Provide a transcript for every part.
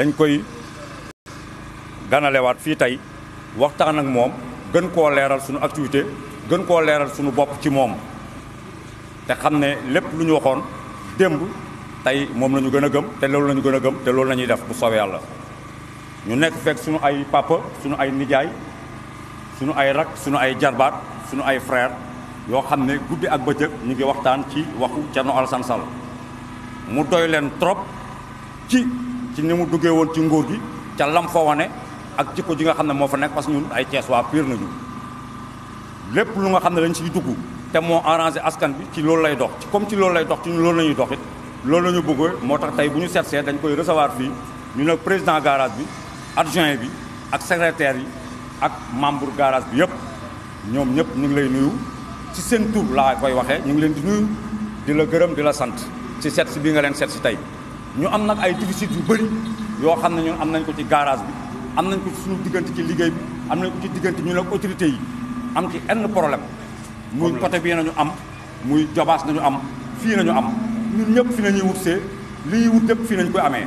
dañ koy ganalewaat fii tey waxtaan ak moom gën koo leeral suñu activité gën koo leeral suñu bopp ci moom te xam ne lépp lu ñu waxoon démb tey moom lañu ñu gën a gëm te loolu la gën a gëm te loolu la ñuy def bu soobee yàlla ñu nekk fekk suñu ay papa suñu ay nijaay suñu ay rak suñu ay jarbaat suñu ay frère yoo xam ne guddi ak bëccëg ñu ngi waxtaan ci waxu Thierno Alassane Sall mu doy leen trop ci ci ni mu duggee woon ci ngóor gi ca lam fa wane ak jikko ji nga xam ne moo fa nekk parce que ñun ay Cees waa pire nañu lépp lu nga xam ne dañ siy dugg te moo arrangé askan bi ci loolu lay dox ci comme ci loolu lay dox ci loolu la ñuy dox it loolu la ñu bëgg moo tax tey bu ñu seetsee dañ koy recevoir fii ñu ne président garage bi adjoint bi ak secrétaire yi ak membre garage bi yëpp ñoom ñëpp ñu ngi lay nuyu ci seen tur laa koy waxee ñu ngi leen di nuyu di la gërëm di la sant ci seet bi nga leen seet si tey ñu am nag ay déficit yu bëri yoo xam ne ñun am nañ ko ci garage bi am nañ ko ci suñu diggante ci liggéey bi am nañ ko ci diggante ñu nag autorité yi am ci enn problème muy côté bii nañu am muy jobaas nañu am fii nañu am ñun ñëpp fi nañuy wutsee li ñuy wut lépp fii nañ koy amee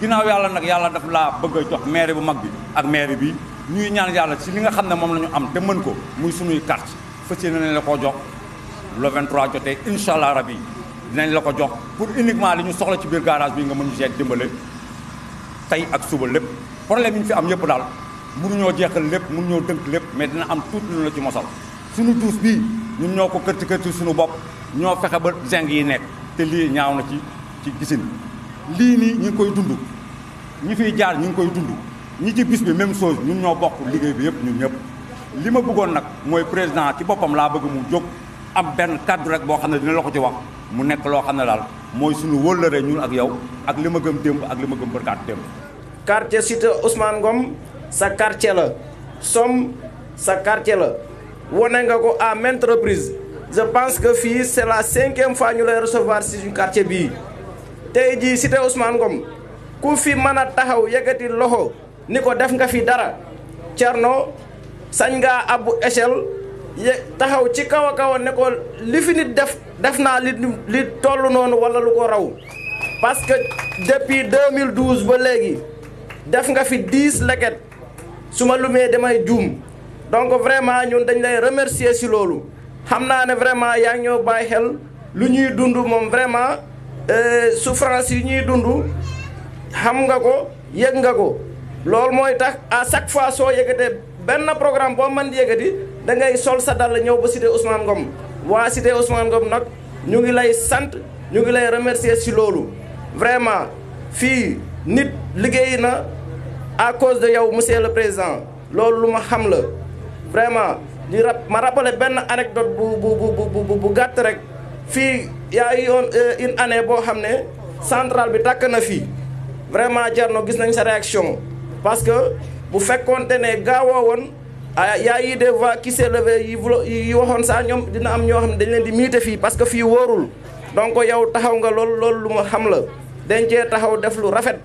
ginnaaw yàlla nag yàlla daf laa bëgg jox maire bu mag bi ak maire bi ñuy ñaan yàlla si li nga xam ne moom la ñu am te mën ko muy suñuy carte fas yéene nañ la koo jox le 23 jotee incha allah rabi dinañ la ko jox pour uniquement li ñu soxla ci biir garage bi nga mën ñu seet dimbale tey ak suba lépp problème yi ñu fi am yëpp daal mënuñoo jeexal lépp mënuñoo dënk lépp mais dina am tuuti lu la ci mosal suñu duus bii ñun ñoo ko kërti kërti suñu bopp ñoo fexe ba zinc yi nekk te lii ñaaw na ci ci gisin lii nii ñu ngi koy dund ñu fiy jaar ñu ngi koy dund ñi ci bis bi même chose ñun ñoo bokk liggéey bi yëpp ñun ñëpp li ma bëggoon nag mooy président ci boppam laa bëgg mu jóg am benn kàddu rek boo xam ne dina la ko ci wax mu nekk loo xam ne daal mooy suñu wóllëre ñun ak yow ak li ma gëm démb ak li ma gëm bërkaat démb quartier cité Ousmane Ngom sa quartier la som sa quartier la wane nga ko à maintes reprises je pense que fii c'est la cinquième fois ñu lay recevoir si suñu bii tey jii cité Ousmane Ngom ku fi mën a taxaw yëkkati loxo ni ko def nga fi dara Thierno sañ nga abu échelle taxaw ci kaw a kaw a ne li fi nit def def naa li li toll noonu wala lu ko raw parce que depuis 2012 ba léegi def nga fi 10 leket su ma lumee damay juum donc vraiment ñun dañ lay remercier si loolu xam naa ne vraiment yaa ñëw ñoo xel lu ñuy dund moom vraiment euh, souffrance yi ñuy dund xam nga ko yëg nga ko loolu mooy tax à chaque fois soo yëgatee benn programme boo mën yëgati da ngay sol sa dàll ñëw ba cité Ousmane Ngom waa cité Ousmane Ngom nag ñu ngi lay sant ñu ngi lay remercier ci loolu vraiment fii nit liggéey na à cause de yow monsieur le président loolu lu ma xam la vraiment di rap ma rappelé benn anecdote bu bu bu bu gàtt rek fii yaa yoon euh, une année boo xam ne centrale bi tàkk na fii vraiment Thierno gis nañ sa réaction parce bu fekkoonte ne gaawoo woon Ah, ah, y yaa eu des voix qui s'est yi yu yu waxoon sax ñoom dina am ñoo xam ne dañ leen di miite fii parce que fii wóorul donc yow taxaw nga loolu loolu lu ma xam la dañ cee taxaw def lu rafet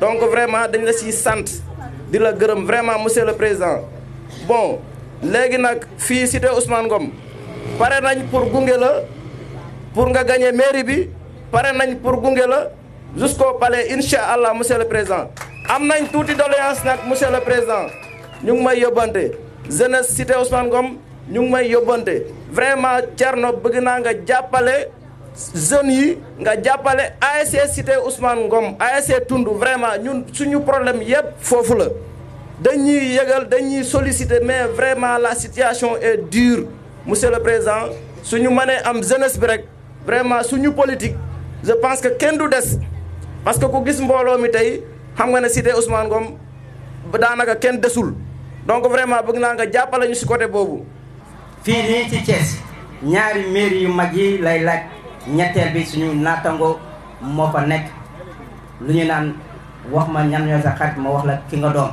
donc vraiment dañ la siy sant di la gërëm vraiment monsieur le président bon léegi nag fii cité Ousmane Ngom pare nañ pour gunge la pour nga gagné mairie bi pare nañ pour gunge la jusqu'au palais incha allah monsieur le président am nañ tuuti doléance nag monsieur le président ñu ngi may yóbbante jeunesse cité Ousmane Ngom ñu may yóbbante vraiment car Thierno bëgg naa nga jàppale jeunes yi nga jàppale ASC cité Ousmane Ngom ASC Tund vraiment ñun suñu problème yëpp foofu la dañuy yëgal dañuy solliciter mais vraiment la situation est dure monsieur le su ñu manee am jeunesse bi rek vraiment suñu politique je pense que kenn du des parce que ku gis mbooloo mi tey xam nga ne cité Ousmane Ngom daanaka kenn desul donc vraiment bëgg naa nga jàppale ñu si côté boobu. fii nii ci Thiès ñaari mairie yu mag yi lay laaj ñetteel bi suñu naatango moo fa nekk lu ñu naan wax ma ñan ñoo sa xat ma wax la ki nga doon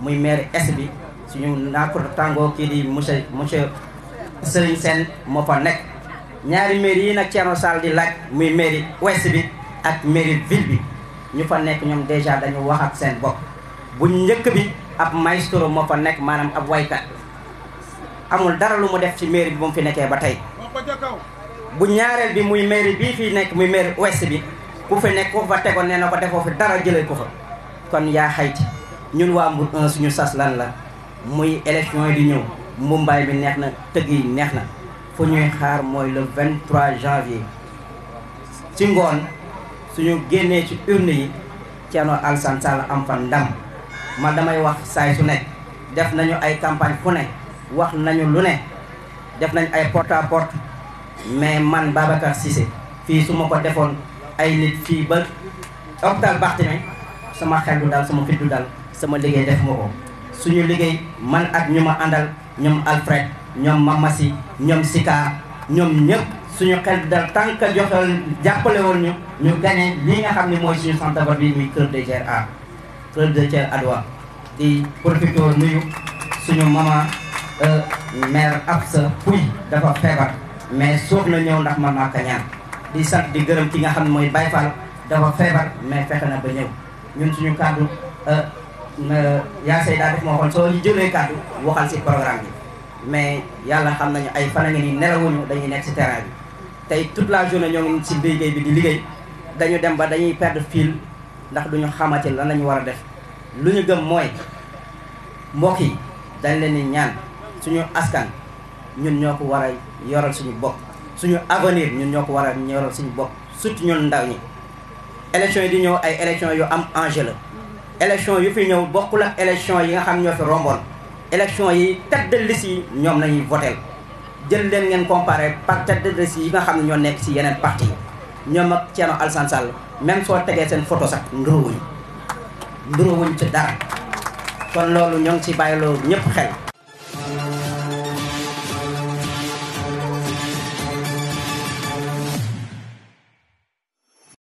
muy mairie est bi suñu naatango kii di monsieur monsieur Serigne seen moo fa nekk. ñaari mairie yi nag Thierno Sall di laaj muy mairie ouest bi ak mairie ville bi ñu fa nekk ñoom déjà dañu waxaat seen bopp bu njëkk bi. ab maestro moo fa nekk maanaam ab waykat amul dara lu mu def ci mairie bi bu mu fi nekkee ba tey bu ñaareel bi muy mairie bii fi nekk muy mairie ouest bi ku fi nekk ku fa tegoon nee na ko defoo dara jëlee ko fa kon yaa xayti ñun waa Mbour 1 suñu sas lan la muy élection yi di ñëw mumbaay bi neex na tëgg yi neex na fu ñuy xaar mooy le 23 janvier ci ngoon suñu génnee ci urne yi Thierno Alassane Sall am fa ndam man damay wax saay su nekk def nañu ay campagne fu ne wax nañu lu ne def nañ ay porte à mais man Babacar Cissé fii su ma ko defoon ay nit fii ba hôpital Barthélemy sama xel du dal sama fit du dal sama liggéey def ma ko suñu liggéey man ak ñu ma àndal ñoom Alfred ñoom Mamasi ñoom Sika ñoom ñëpp suñu xel du dal tant que joxal woon ñu ñu gagné li nga xam ne mooy suñu centre bi muy Kër de Gérard heure de Thiel Adwa di profité nuyu suñu maman euh, mère Absa Pouy dafa feebar mais soog na ñëw ndax man maa ko di sant di gërëm ki nga xam mooy Baye Fall dafa feebar mais fexe na ba ñëw ñun suñu kàddu euh, euh, yaa say daa def moo xoon soo ñu jëlee kàddu waxal si programme bi mais yàlla xam nañu ay fan a ngi nii nelawuñu dañuy nekk si terrain bi tey toute la journée ñoo ngi si liggéey bi di liggéey dañu dem ba dañuy de fil ndax duñu xamante lan lañu war a def lu ñu gëm mooy mbokk yi dañ leen di ñaan suñu askan ñun ñoo ko war a yoral suñu bopp suñu avenir ñun ñoo ko war a yoral suñu bopp surtout ñun ndaw ñi élection yi di ñëw ay élection yu am enjeu la élection yu fi ñëw bokkul ak élection yi nga xam ñoo fi romboon élection yi tête de liste yi ñoom lañuy votel jël leen ngeen comparer par tête de liste yi nga xam ñoo nekk ci yeneen parti ñoom ak Thierno Alassane Sall même soo tegee seen photo sax nduruwuñ nduruwuñ ci dara kon loolu ñoo ngi ci bàyyiloo ñëpp xel